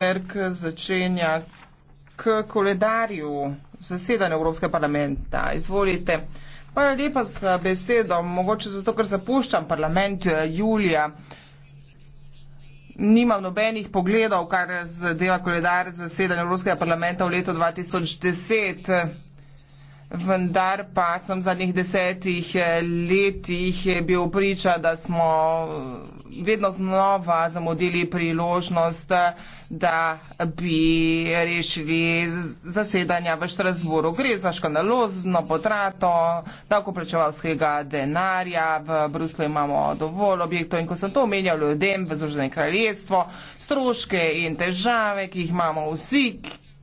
Merk začenja k koledarju zasedanja Evropskega parlamenta. Izvolite. Hvala lepa za besedo. Mogoče zato, ker zapuščam parlament eh, julija, nimam nobenih pogledov, kar zadeva koledar zasedanja Evropskega parlamenta v letu 2010. Vendar pa sem v zadnjih desetih eh, letih eh, bil priča, da smo eh, vedno znova zamudili priložnost, da bi rešili zasedanja v Štrasburu. Gre za škandalozno potrato davkoplačevalskega denarja. V Bruslu imamo dovolj objektov in ko sem to omenjal ljudem v Združenem kraljestvu, stroške in težave, ki jih imamo vsi,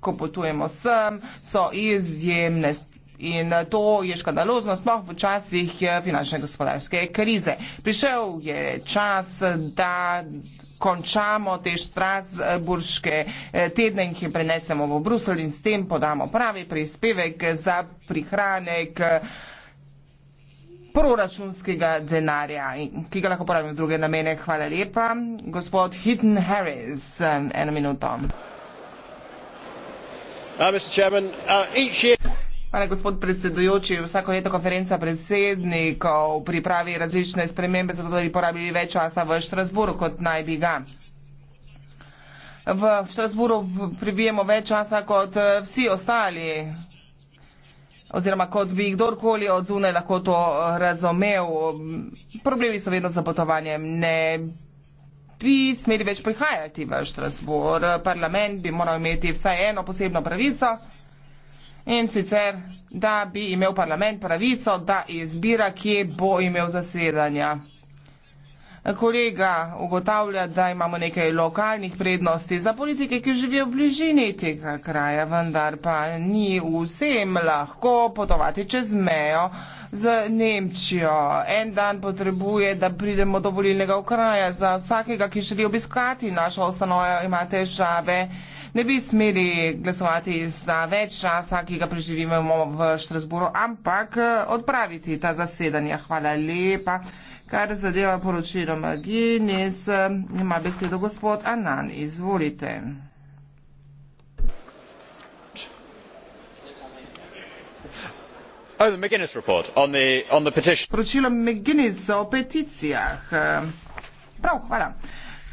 ko potujemo sem, so izjemne. In eh, to je škandalozno, sploh v časih eh, finančne gospodarske krize. Prišel je čas, da končamo te Strasburške eh, tedne in jih prenesemo v Brusel in s tem podamo pravi prispevek za prihranek proračunskega denarja, ki ga lahko porabim v druge namene. Hvala lepa. Gospod Hidden Harris, eno minuto. Uh, Hvala, gospod predsedujoči. Vsako leto konferenca predsednikov pripravi različne spremembe, zato da bi porabili več časa v Štrasburu, kot naj bi ga. V Štrasburu pribijemo več časa kot vsi ostali, oziroma kot bi kdorkoli od zunaj lahko to razumel. Problemi so vedno z potovanjem. Ne bi smeli več prihajati v Štrasbur. Parlament bi moral imeti vsaj eno posebno pravico in sicer, da bi imel parlament pravico, da izbira, kje bo imel zasedanja. Kolega ugotavlja, da imamo nekaj lokalnih prednosti za politike, ki živijo v bližini tega kraja, vendar pa ni vsem lahko potovati čez mejo z Nemčijo. En dan potrebuje, da pridemo do volilnega okraja. Za vsakega, ki želi obiskati našo ustanojo, ima težave. Ne bi smeli glasovati za več časa, ki ga preživimo v Štrasburu, ampak odpraviti ta zasedanja. Hvala lepa. Kar zadeva poročilo Maginis, ima besedo gospod Anan. Izvolite. Oh, on the, on the poročilo McGuinness o peticijah. Prav, hvala.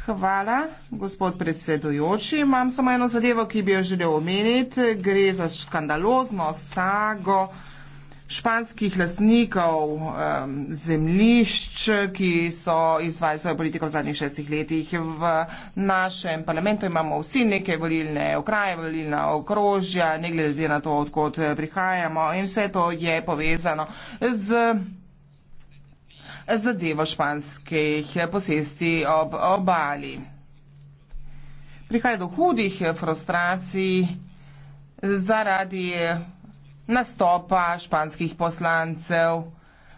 Hvala, gospod predsedujoči. Imam samo eno zadevo, ki bi jo želel omeniti. Gre za škandalozno sago španskih lasnikov um, zemlišč, ki so izvajali svojo politiko v zadnjih šestih letih. V našem parlamentu imamo vsi neke volilne okraje, volilna okrožja, ne glede na to, odkot prihajamo in vse to je povezano z zadevo španskih posesti ob obali. Prihaja do hudih frustracij zaradi nastopa španskih poslancev.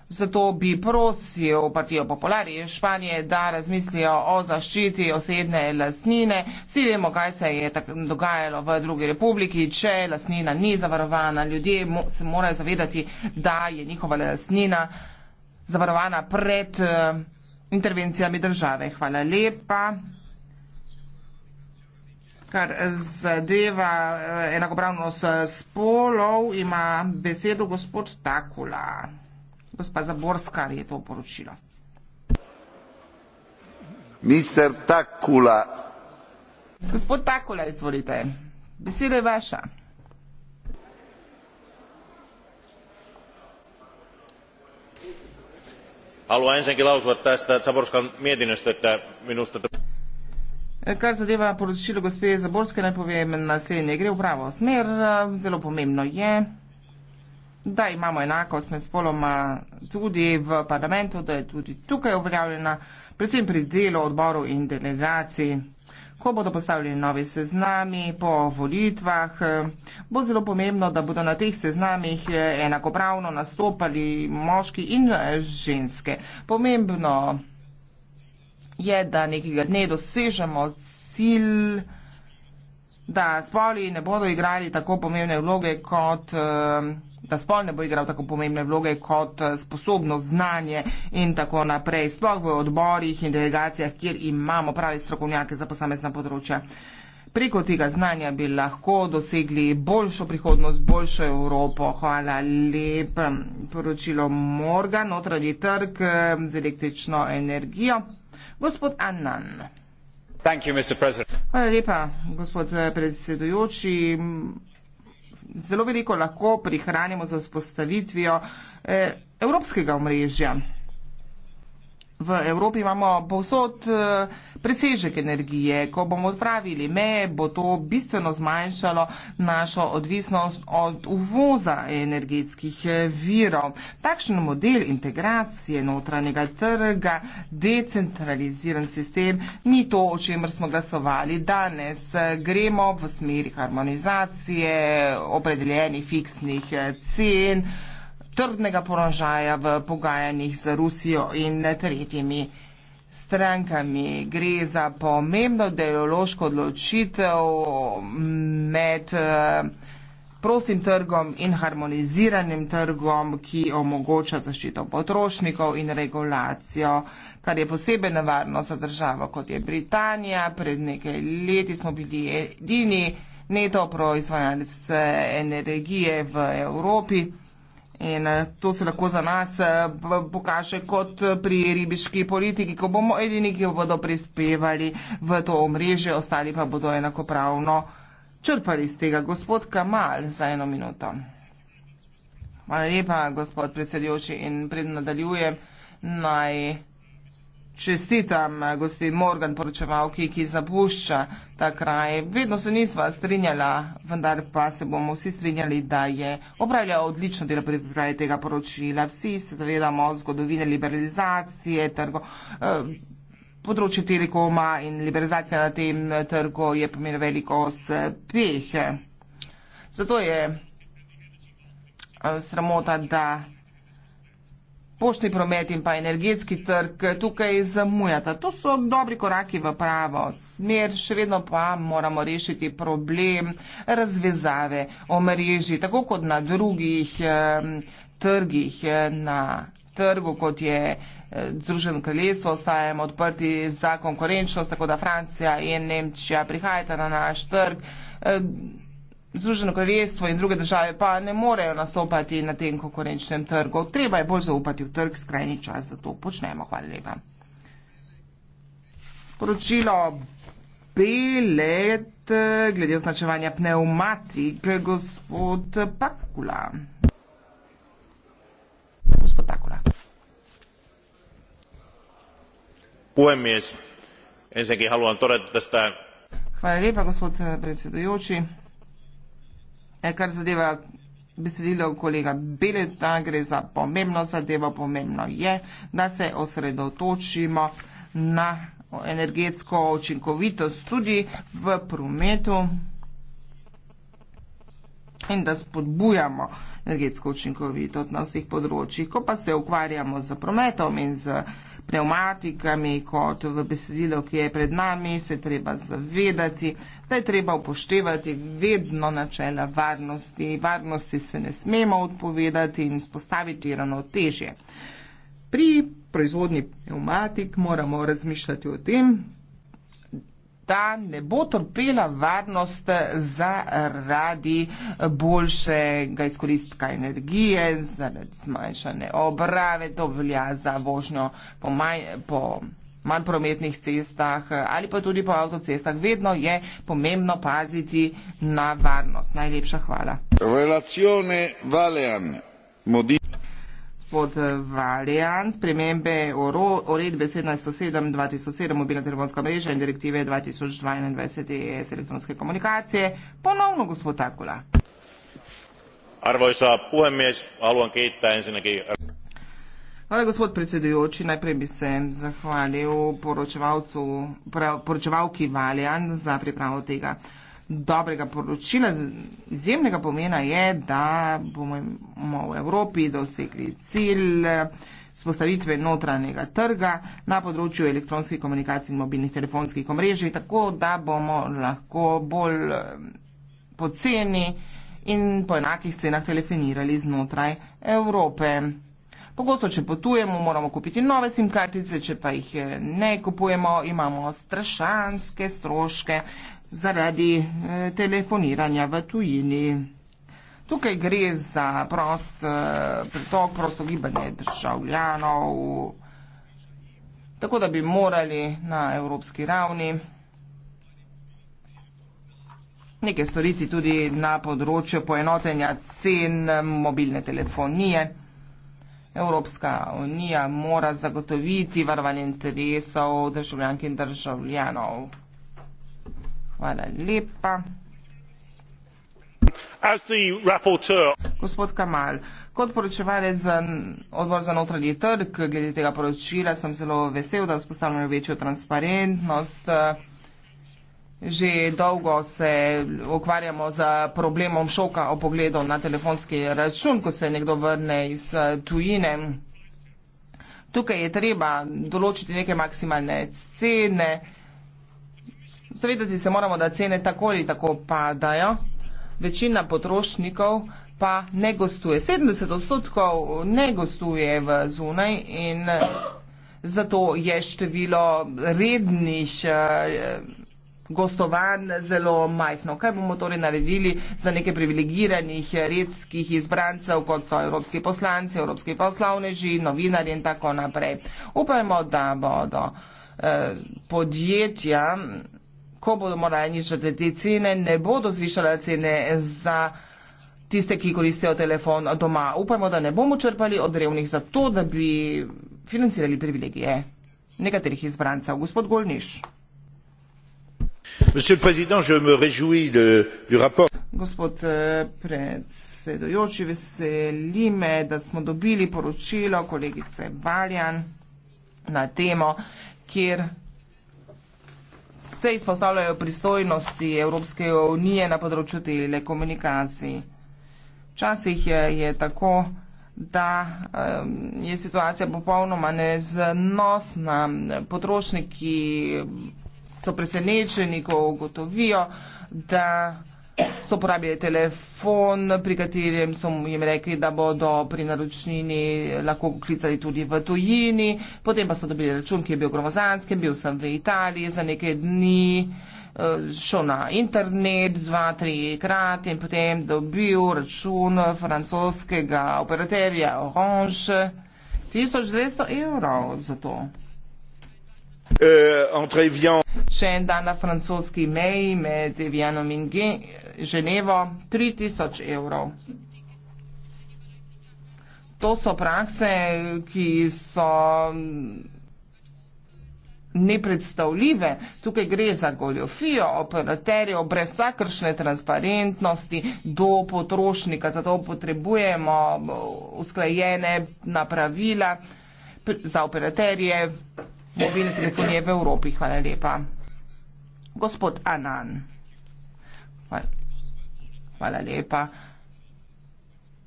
Zato bi prosil Partijo Popolari iz Španije, da razmislijo o zaščiti osebne lasnine. Vsi vemo, kaj se je dogajalo v drugi republiki, če lasnina ni zavarovana. Ljudje se morajo zavedati, da je njihova lasnina zavarovana pred eh, intervencijami države. Hvala lepa kar zadeva eh, enakopravnost eh, spolov, ima besedo gospod Takula. Gospa Zaborskar je to poročila. Mister Takula. Gospod Takula, izvolite. Beseda je vaša. Haluan ensinnäkin lausua tästä Saborskan mietinnöstä, että minusta... Eh, kar zadeva poročilo gospe Zaborske, naj povem naslednje. Gre v pravo smer. Eh, zelo pomembno je, da imamo enakost med spoloma tudi v parlamentu, da je tudi tukaj uveljavljena, predvsem pri delu odborov in delegacij. Ko bodo postavljeni novi seznami po volitvah, eh, bo zelo pomembno, da bodo na teh seznamih enakopravno nastopali moški in ženske. Pomembno je, je, da nekega dne dosežemo cilj, da spoli ne bodo igrali tako pomembne vloge kot. Uh, da spol ne bo igral tako pomembne vloge kot eh, sposobno znanje in tako naprej, sploh v odborih in delegacijah, kjer imamo prave strokovnjake za posamezna področja. Preko tega znanja bi lahko dosegli boljšo prihodnost, boljšo Evropo. Hvala lepa. Poročilo Morga, notranji trg eh, z električno energijo gospod Annan. Thank you, Mr. Hvala lepa, gospod eh, predsedujoči. Zelo veliko lahko prihranimo za spostavitvijo eh, evropskega omrežja. V Evropi imamo povsod eh, presežek energije. Ko bomo odpravili meje, bo to bistveno zmanjšalo našo odvisnost od uvoza energetskih eh, virov. Takšen model integracije notranjega trga, decentraliziran sistem, ni to, o čemer smo glasovali danes. Gremo v smeri harmonizacije, opredeljenih fiksnih eh, cen trdnega porožaja v pogajanjih z Rusijo in tretjimi strankami. Gre za pomembno ideološko odločitev med eh, prostim trgom in harmoniziranim trgom, ki omogoča zaščito potrošnikov in regulacijo, kar je posebej nevarno za državo, kot je Britanija. Pred nekaj leti smo bili edini neto proizvajalec eh, energije v Evropi. In eh, to se lahko za nas eh, pokaže kot eh, pri ribiški politiki, ko bomo edini, ki bodo prispevali v to omrežje, ostali pa bodo enakopravno črpali iz tega. Gospod Kamal, za eno minuto. Hvala lepa, gospod predsedujoči, in pred nadaljujem naj čestitam eh, gospi Morgan, poročevalki, ki zapušča ta kraj. Vedno se nisva strinjala, vendar pa se bomo vsi strinjali, da je opravljal odlično delo pri pripravi tega poročila. Vsi se zavedamo zgodovine liberalizacije trgo. Eh, področje telekoma in liberalizacija na tem trgu je pomenila veliko uspehe. Zato je eh, sramota, da poštni promet in pa energetski trg tukaj zamujata. To so dobri koraki v pravo smer, še vedno pa moramo rešiti problem razvezave omrežji, tako kot na drugih eh, trgih, na trgu, kot je Združeno kraljestvo, ostajamo odprti za konkurenčnost, tako da Francija in Nemčija prihajata na naš trg. Eh, Združeno kraljestvo in druge države pa ne morejo nastopati na tem konkurenčnem trgu. Treba je bolj zaupati v trg, skrajni čas, da to počnemo. Hvala lepa. Poročilo Belet eh, glede označevanja pneumatik, gospod Pakula. Gospod Pakula. Puhemies, ensinnäkin haluan todeta tästä. Hvala lepa, gospod eh, predsedujoči. E, kar zadeva besedilo kolega Beleta, gre za pomembno zadevo, pomembno je, da se osredotočimo na energetsko učinkovitost tudi v prometu in da spodbujamo energetsko učinkovitost na vseh področjih. Ko pa se ukvarjamo z prometom in z uh, pneumatikami, kot v besedilo, ki je pred nami, se treba zavedati, da je treba upoštevati vedno načela varnosti. Varnosti se ne smemo odpovedati in spostaviti ravnotežje. Pri proizvodni pneumatik moramo razmišljati o tem, ta ne bo trpela varnost zaradi boljšega izkoristka energije, zaradi zmanjšane obrave, to velja za vožnjo po manj, po manj prometnih cestah ali pa tudi po avtocestah. Vedno je pomembno paziti na varnost. Najlepša hvala gospod Valjan, spremembe uredbe 1707-2007 o biloterbonska mreža in direktive 2021 ES elektronske komunikacije. Ponovno gospod Takula. Arvojsa puhemies, haluan kiittää ensinnäkin... Hvala, gospod predsedujoči. Najprej bi se zahvalil poročevalcu, poročevalki Valjan za pripravo tega dobrega poročila, izjemnega pomena je, da bomo v Evropi dosegli cilj spostavitve notranjega trga na področju elektronskih komunikacij in mobilnih telefonskih omrežij, tako da bomo lahko bolj eh, poceni in po enakih cenah telefonirali znotraj Evrope. Pogosto, če potujemo, moramo kupiti nove SIM kartice, če pa jih eh, ne kupujemo, imamo strašanske stroške zaradi eh, telefoniranja v tujini. Tukaj gre za prost eh, pritok, prosto gibanje državljanov, tako da bi morali na evropski ravni nekaj storiti tudi na področju poenotenja cen mobilne telefonije. Evropska unija mora zagotoviti varovanje interesov državljank in državljanov. Gospod Kamal, kot poročevalec za odbor za notranji trg, glede tega poročila sem zelo vesel, da vzpostavljamo večjo transparentnost. Že dolgo se ukvarjamo z problemom šoka o pogledu na telefonski račun, ko se nekdo vrne iz eh, tujine. Tukaj je treba določiti neke maksimalne cene. Zavedati se moramo, da cene tako ali tako padajo, večina potrošnikov pa ne gostuje. 70 odstotkov ne gostuje v zunaj in zato je število rednih eh, gostovanj zelo majhno. Kaj bomo torej naredili za neke privilegiranih redskih izbrancev, kot so evropski poslanci, evropski poslovneži, novinari in tako naprej. Upajmo, da bodo eh, podjetja ko bodo morali nižati te cene, ne bodo zvišale cene za tiste, ki koristijo telefon doma. Upajmo, da ne bomo črpali od revnih za to, da bi financirali privilegije nekaterih izbrancev. Gospod Golniš. Gospod eh, predsedojoči, veseli me, da smo dobili poročilo kolegice Valjan na temo, kjer se izpostavljajo pristojnosti Evropske unije na področju telekomunikacij. Včasih je, je tako, da je situacija popolnoma neznosna. Potrošniki so presenečeni, ko ugotovijo, da so uporabljali telefon, pri katerem so jim rekli, da bodo pri naročnini lahko klicali tudi v tujini, potem pa so dobili račun, ki je bil gromozanski, bil sem v Italiji za nekaj dni, eh, šel na internet dva, tri krat in potem dobil račun francoskega operaterja Orange 1200 evrov za to. Uh, Še en dan na francoski meji med Evianom in Gen. Ženevo 3000 evrov. To so prakse, ki so nepredstavljive. Tukaj gre za goljofijo operaterjev brez vsakršne transparentnosti do potrošnika. Zato potrebujemo usklajene napravila za operaterje mobilne telefonije v Evropi. Hvala lepa. Gospod Anan. Hvala. Hvala lepa.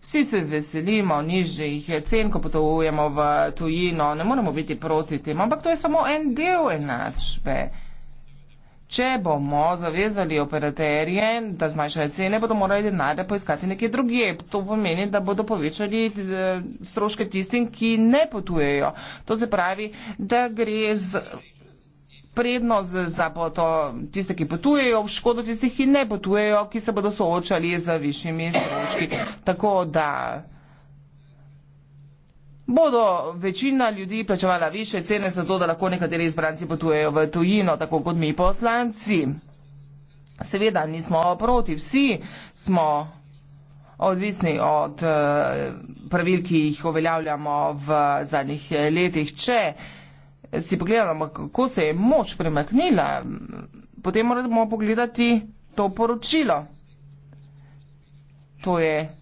Vsi se veselimo nižjih cen, ko potujemo v tujino. Ne moramo biti proti tem, ampak to je samo en del enačbe. Če bomo zavezali operaterje, da zmanjšajo cene, bodo morali denarja poiskati nekje drugje. To pomeni, da bodo povečali eh, stroške tistim, ki ne potujejo. To se pravi, da gre z prednost za to, tiste, ki potujejo v škodo, tiste, ki ne potujejo, ki se bodo soočali z višjimi stroški. Tako da bodo večina ljudi plačevala više cene za to, da lahko nekateri izbranci potujejo v tujino, tako kot mi poslanci. Seveda nismo proti, vsi smo odvisni od eh, pravil, ki jih uveljavljamo v zadnjih letih. Če si pogledala, kako se je moč premaknila, potem moramo pogledati to poročilo. To je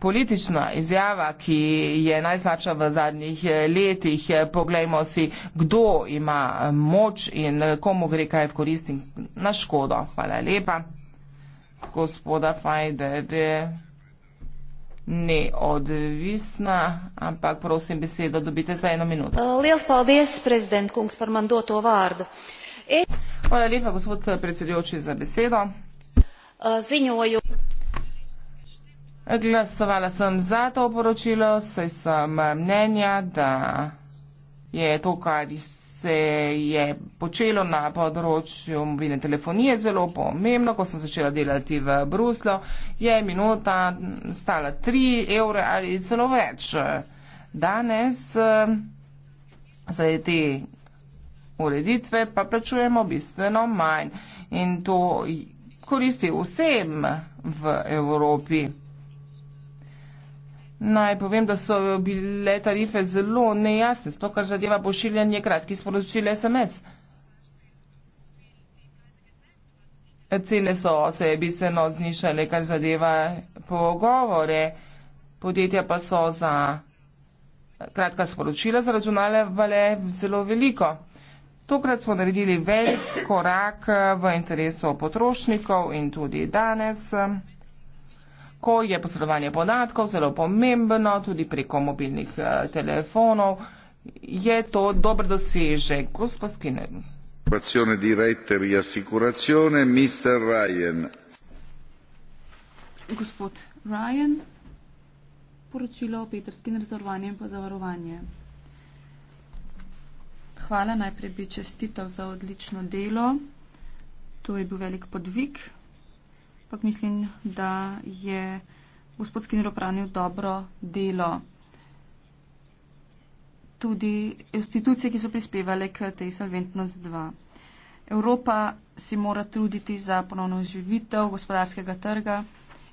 politična izjava, ki je najslabša v zadnjih eh, letih. Poglejmo si, kdo ima eh, moč in eh, komu gre kaj v korist in na škodo. Hvala lepa, gospoda Fajder neodvisna, ampak prosim besedo dobite za eno minuto. Eh, Lels paldies, prezident Kungs, par man doto vārdu. E- Hvala lepa, gospod predsedujoči, za besedo. Eh, ziņoju. Glasovala sem za to poročilo, saj sem mnenja, da je to, kar se je počelo na področju mobilne telefonije zelo pomembno. Ko sem začela delati v Bruslu, je minuta stala 3 evre ali celo več. Danes eh, za te ureditve pa plačujemo bistveno manj in to koristi vsem v Evropi. Naj povem, da so bile tarife zelo nejasne, to, kar zadeva pošiljanje kratkih sporočil SMS. Cene so se bistveno znišale, kar zadeva pogovore. Podjetja pa so za kratka sporočila zaračunale vale zelo veliko. Tokrat smo naredili velik korak v interesu potrošnikov in tudi danes ko je posredovanje podatkov zelo pomembno, tudi preko mobilnih eh, telefonov, je to dober dosežek. Gospod Skinner. Assicurazione diretta via e assicurazione, Mr. Ryan. Gospod Ryan, poročilo o petrskem rezervanju in pa zavarovanje. Hvala, najprej bi čestital za odlično delo. To je bil velik podvig, ampak mislim, da je gospod Skinner opravil dobro delo. Tudi institucije, ki so prispevale k tej solventnost 2. Evropa si mora truditi za ponovno živitev gospodarskega trga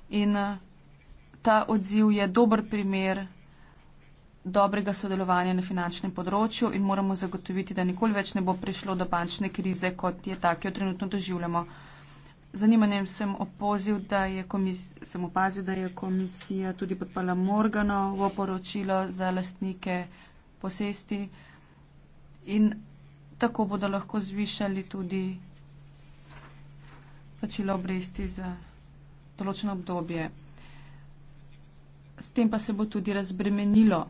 in ta odziv je dober primer dobrega sodelovanja na finančnem področju in moramo zagotoviti, da nikoli več ne bo prišlo do bančne krize, kot je ta, ki jo trenutno doživljamo zanimanjem sem, opozil, da sem opazil, da je komisija tudi podpala Morganovo poročilo za lastnike posesti in tako bodo lahko zvišali tudi plačilo obresti za določeno obdobje. S tem pa se bo tudi razbremenilo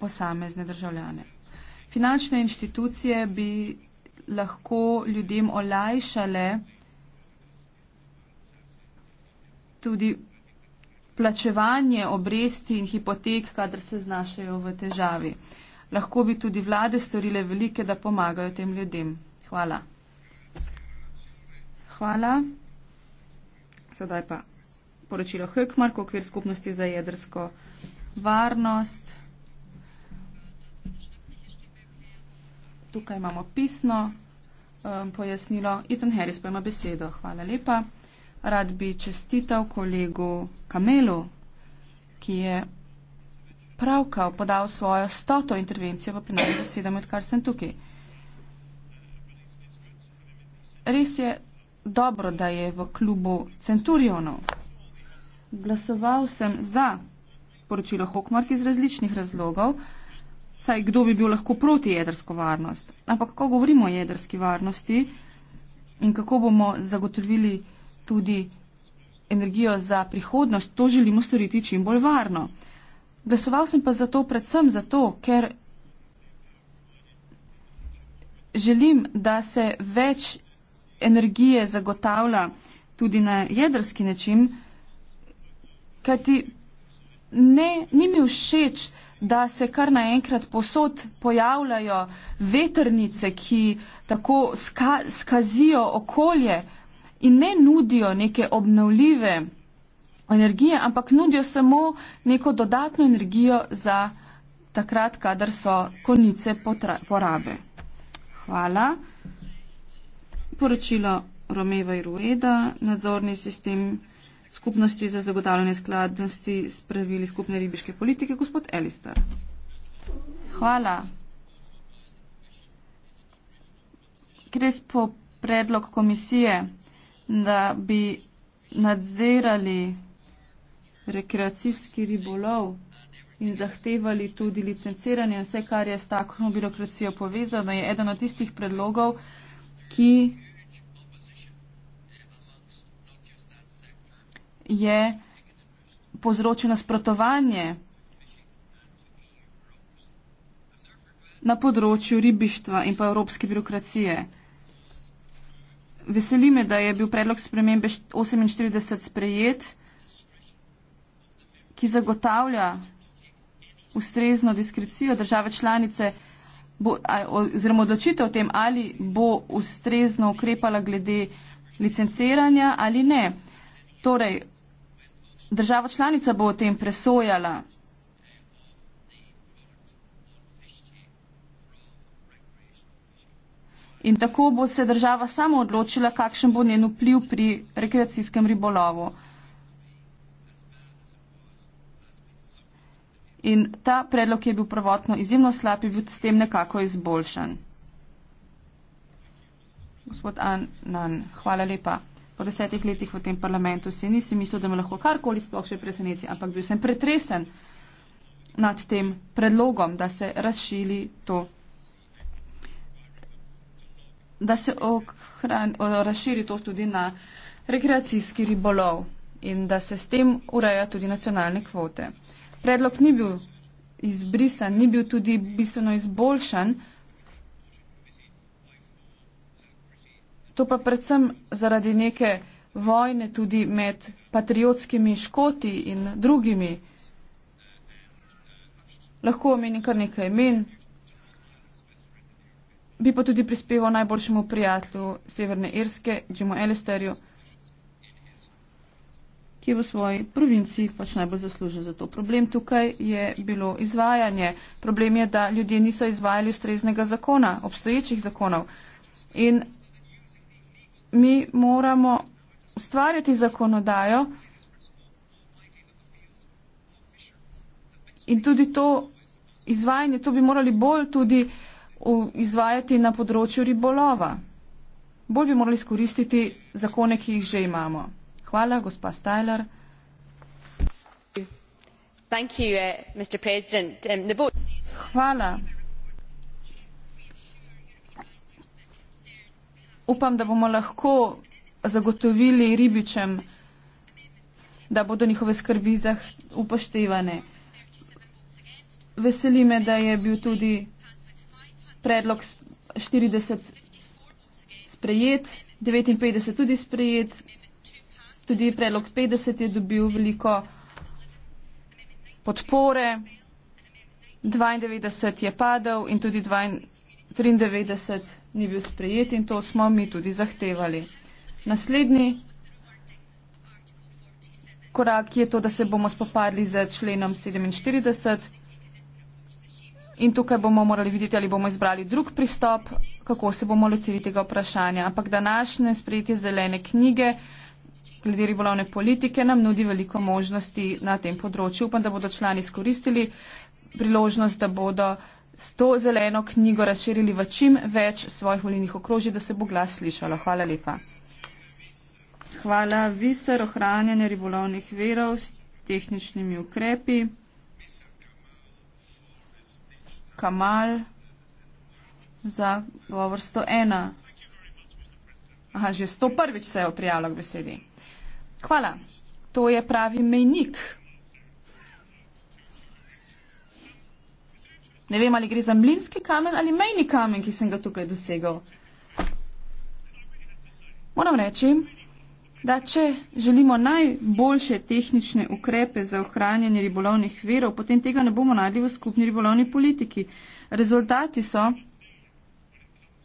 posamezne državljane. Finančne inštitucije bi lahko ljudem olajšale, tudi plačevanje obresti in hipotek, kadar se znašajo v težavi. Lahko bi tudi vlade storile velike, da pomagajo tem ljudem. Hvala. Hvala. Sedaj pa poročilo Hökmark, okvir skupnosti za jedrsko varnost. Tukaj imamo pisno um, pojasnilo. Ethan Harris pa ima besedo. Hvala lepa rad bi čestital kolegu Kamelu, ki je pravkar podal svojo stoto intervencijo v plenarni zasedanju, odkar sem tukaj. Res je dobro, da je v klubu Centurionov. Glasoval sem za poročilo Hokmark iz različnih razlogov, saj kdo bi bil lahko proti jedrsko varnost. Ampak ko govorimo o jedrski varnosti in kako bomo zagotovili tudi energijo za prihodnost, to želimo storiti čim bolj varno. Glasoval sem pa zato predvsem zato, ker želim, da se več energije zagotavlja tudi na jedrski način, kaj ti ne, ni mi všeč, da se kar naenkrat posod pojavljajo veternice, ki tako ska, skazijo okolje, in ne nudijo neke obnovljive energije, ampak nudijo samo neko dodatno energijo za takrat, kadar so konice porabe. Hvala. Poročilo Romeva Irueda, nadzorni sistem skupnosti za zagotavljanje skladnosti s pravili skupne ribiške politike, gospod Elister. Hvala. Gre po predlog komisije da bi nadzirali rekreacijski ribolov in zahtevali tudi licenciranje. Vse, kar je s takšno birokracijo povezano, je eden od tistih predlogov, ki je povzročil nasprotovanje na področju ribištva in pa evropske birokracije. Veseli me, da je bil predlog spremembe 48 sprejet, ki zagotavlja ustrezno diskrecijo države članice bo, oziroma odločitev o tem, ali bo ustrezno ukrepala glede licenciranja ali ne. Torej, država članica bo o tem presojala. In tako bo se država samo odločila, kakšen bo njen vpliv pri rekreacijskem ribolovu. In ta predlog je bil prvotno izjemno slab in bil s tem nekako izboljšan. Gospod Annan, hvala lepa. Po desetih letih v tem parlamentu si nisem mislil, da me lahko karkoli sploh še preseneci, ampak bil sem pretresen nad tem predlogom, da se razšili to da se ohran, razširi to tudi na rekreacijski ribolov in da se s tem ureja tudi nacionalne kvote. Predlog ni bil izbrisan, ni bil tudi bistveno izboljšan. To pa predvsem zaradi neke vojne tudi med patriotskimi škoti in drugimi. Lahko omeni kar nekaj imen, bi pa tudi prispeval najboljšemu prijatelju Severne Irske, Jimu Elisterju, ki je v svoji provinci pač najbolj zaslužen za to. Problem tukaj je bilo izvajanje. Problem je, da ljudje niso izvajali ustreznega zakona, obstoječih zakonov. In mi moramo ustvarjati zakonodajo in tudi to izvajanje, to bi morali bolj tudi izvajati na področju ribolova. Bolj bi morali skoristiti zakone, ki jih že imamo. Hvala, gospa Stajler. Uh, um, Hvala. Upam, da bomo lahko zagotovili ribičem, da bodo njihove skrbi upoštevane. Veseli me, da je bil tudi predlog 40 sprejet, 59 tudi sprejet, tudi predlog 50 je dobil veliko podpore, 92 je padel in tudi 93 ni bil sprejet in to smo mi tudi zahtevali. Naslednji korak je to, da se bomo spopadli z členom 47. In tukaj bomo morali videti, ali bomo izbrali drug pristop, kako se bomo lotili tega vprašanja. Ampak današnje sprejetje zelene knjige glede ribolovne politike nam nudi veliko možnosti na tem področju. Upam, da bodo člani skoristili priložnost, da bodo s to zeleno knjigo razširili v čim več svojih volilnih okrožij, da se bo glas slišalo. Hvala lepa. Hvala viser ohranjanja ribolovnih verov s tehničnimi ukrepi. Kamal za govor 101. Aha, že 101. se je prijavila k besedi. Hvala. To je pravi mejnik. Ne vem, ali gre za mlinski kamen ali mejni kamen, ki sem ga tukaj dosegal. Moram reči, da če želimo najboljše tehnične ukrepe za ohranjanje ribolovnih verov, potem tega ne bomo nadli v skupni ribolovni politiki. Rezultati so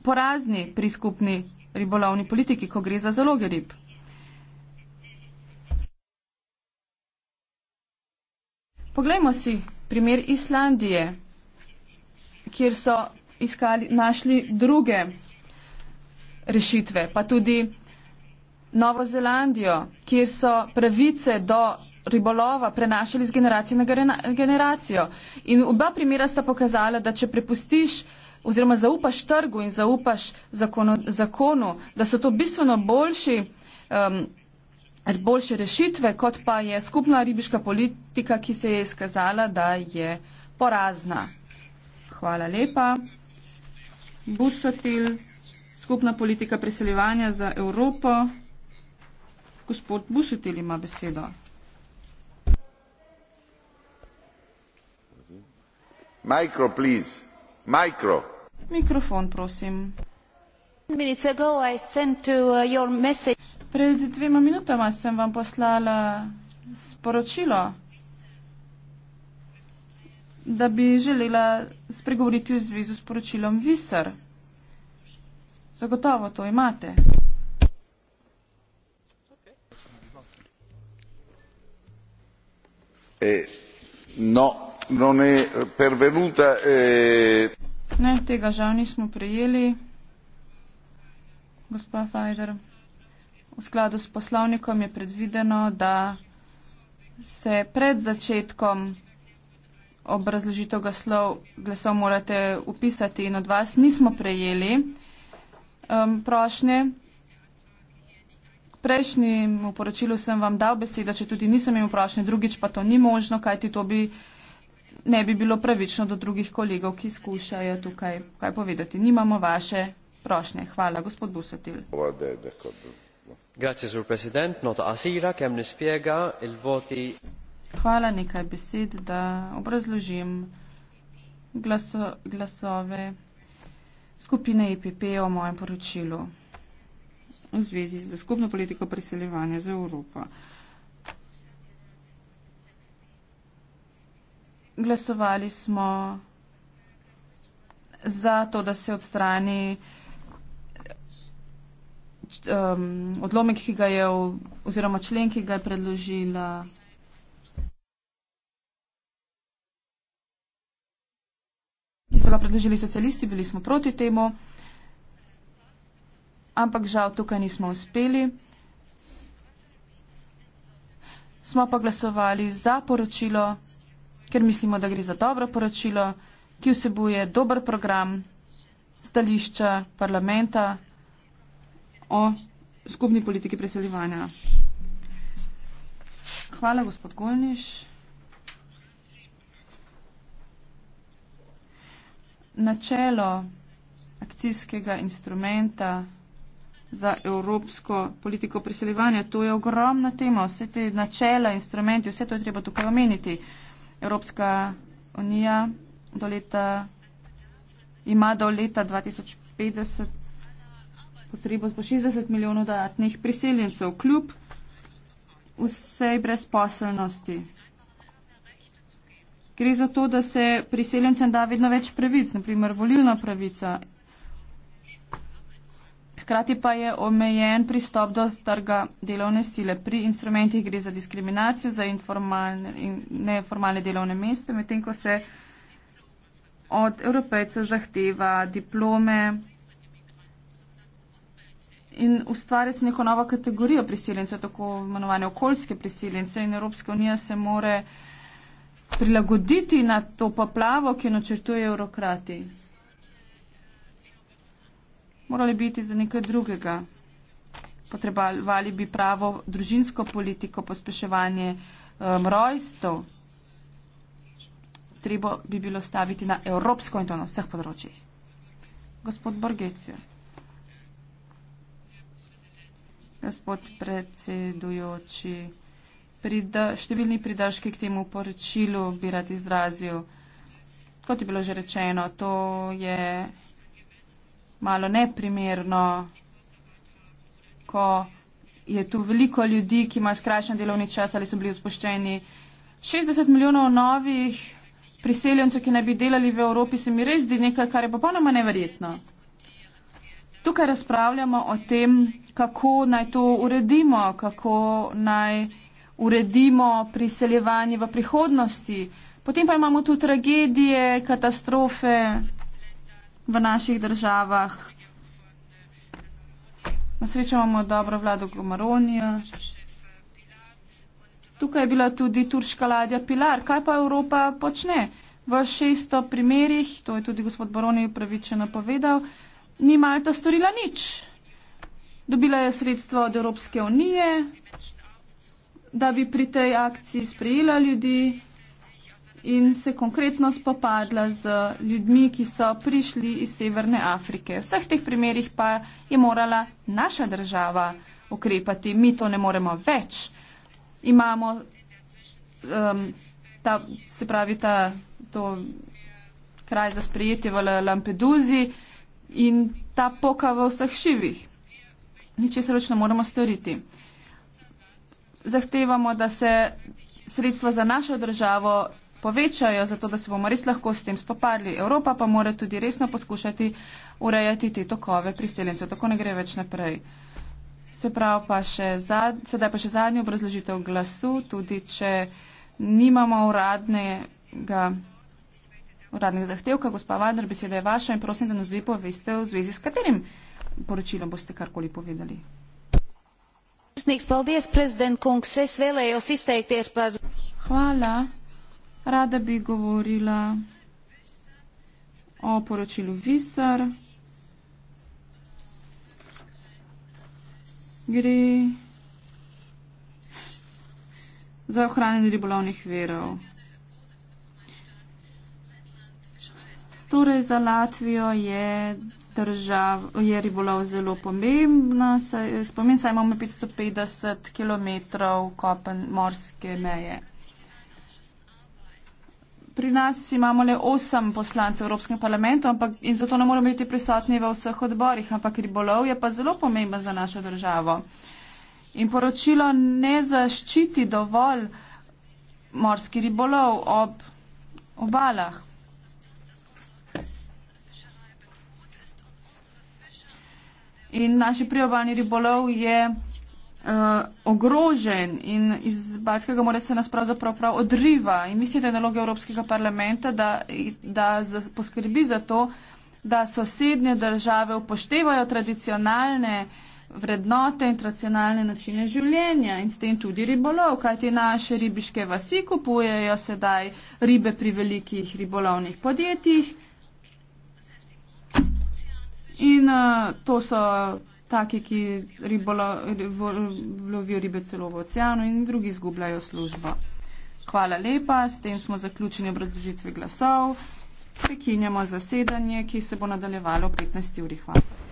porazni pri skupni ribolovni politiki, ko gre za zaloge rib. Poglejmo si primer Islandije, kjer so iskali, našli druge rešitve, pa tudi Novo Zelandijo, kjer so pravice do ribolova prenašali z generacije na generacijo. In oba primera sta pokazala, da če prepustiš oziroma zaupaš trgu in zaupaš zakonu, zakonu da so to bistveno boljši, um, boljše rešitve, kot pa je skupna ribiška politika, ki se je izkazala, da je porazna. Hvala lepa. Busotil, skupna politika preseljevanja za Evropo. Gospod Busutil ima besedo. Mikro, please. Mikro. Mikrofon, prosim. Uh, Pred dvema minutama sem vam poslala sporočilo, da bi želela spregovoriti v zvezi s poročilom Visar. Zagotovo to imate. E, no, non è pervenuta. Eh... Ne, tega žal nismo prejeli. Gospa Fajder, v skladu s poslovnikom je predvideno, da se pred začetkom obrazložitev glasov, glasov morate upisati in od vas nismo prejeli um, prošnje, prejšnjem poročilu sem vam dal besedo, če tudi nisem imel prošnje, drugič pa to ni možno, kajti to bi ne bi bilo pravično do drugih kolegov, ki skušajo tukaj kaj povedati. Nimamo vaše prošnje. Hvala, gospod Busotil. Hvala, nekaj besed, da obrazložim glaso, glasove skupine IPP e o mojem poročilu v zvezi za skupno politiko preseljevanja za Evropo. Glasovali smo za to, da se odstrani um, odlomek, ki ga je, oziroma člen, ki ga je predložila. ki so ga predložili socialisti, bili smo proti temu ampak žal tukaj nismo uspeli. Smo pa glasovali za poročilo, ker mislimo, da gre za dobro poročilo, ki vsebuje dober program stališča parlamenta o skupni politiki preseljevanja. Hvala, gospod Golniš. Načelo akcijskega instrumenta za evropsko politiko priseljevanja. To je ogromna tema, vse te načela, instrumenti, vse to je treba tukaj omeniti. Evropska unija do leta, ima do leta 2050 potrebo po 60 milijonov dodatnih priseljencev, kljub vsej brezposelnosti. Gre za to, da se priseljencem da vedno več pravic, naprimer volilna pravica Hkrati pa je omejen pristop do trga delovne sile. Pri instrumentih gre za diskriminacijo, za informalne in neformalne delovne meste, medtem ko se od evropejcev zahteva diplome in ustvarja se neko novo kategorijo priseljencev, tako imenovane okoljske priseljence in Evropska unija se more prilagoditi na to poplavo, ki jo načrtujejo evrokrati morali biti za nekaj drugega. Potrebovali bi pravo družinsko politiko, pospeševanje um, rojstev. Treba bi bilo staviti na evropsko in to na vseh področjih. Gospod Borgecijo. Gospod predsedujoči, prida, številni pridržki k temu poročilu bi rad izrazil. Kot je bilo že rečeno, to je malo neprimerno, ko je tu veliko ljudi, ki imajo skrajšan delovni čas ali so bili odpoščeni. 60 milijonov novih priseljencev, ki naj bi delali v Evropi, se mi res zdi nekaj, kar je popolnoma neverjetno. Tukaj razpravljamo o tem, kako naj to uredimo, kako naj uredimo priseljevanje v prihodnosti. Potem pa imamo tu tragedije, katastrofe, v naših državah. Na srečo imamo dobro vlado Gomaronija. Tukaj je bila tudi turška ladja Pilar. Kaj pa Evropa počne? V 600 primerjih, to je tudi gospod Baroni upravičeno povedal, ni Malta storila nič. Dobila je sredstvo od Evropske unije, da bi pri tej akciji sprejela ljudi, in se konkretno spopadla z ljudmi, ki so prišli iz Severne Afrike. V vseh teh primerjih pa je morala naša država ukrepati. Mi to ne moremo več. Imamo um, ta, se pravi, ta, to kraj za sprejetje v Lampeduzi in ta poka v vseh živih. Ničesar več ne moremo storiti. Zahtevamo, da se sredstva za našo državo povečajo, zato da se bomo res lahko s tem spopadli. Evropa pa mora tudi resno poskušati urejati te tokove priseljencev. Tako ne gre več naprej. Se pravi pa še zad, sedaj pa še zadnji obrazložitev glasu, tudi če nimamo uradnega, uradnega zahtevka. Gospa Vandr, beseda je vaša in prosim, da nam tudi poveste v zvezi s katerim poročilom boste karkoli povedali. Hvala. Rada bi govorila o poročilu Visar. Gre za ohranjanje ribolovnih verov. Torej, za Latvijo je, držav, je ribolov zelo pomembna. Spomin, saj imamo 550 km kopen morske meje pri nas imamo le osem poslancev v Evropskem parlamentu ampak, in zato ne moramo biti prisotni v vseh odborih, ampak ribolov je pa zelo pomemben za našo državo. In poročilo ne zaščiti dovolj morski ribolov ob obalah. In naši priobalni ribolov je Eh, ogrožen in iz Balskega morja se nas pravzaprav prav odriva. In mislim, da je naloga Evropskega parlamenta, da, da z, poskrbi za to, da sosednje države upoštevajo tradicionalne vrednote in tradicionalne načine življenja in s tem tudi ribolov, kajti naše ribiške vasi kupujejo sedaj ribe pri velikih ribolovnih podjetjih. In uh, to so taki, ki lovijo ribe celo v oceanu in drugi zgubljajo službo. Hvala lepa, s tem smo zaključili obrazložitve glasov. Prekinjamo zasedanje, ki se bo nadaljevalo 15 uri. Hvala.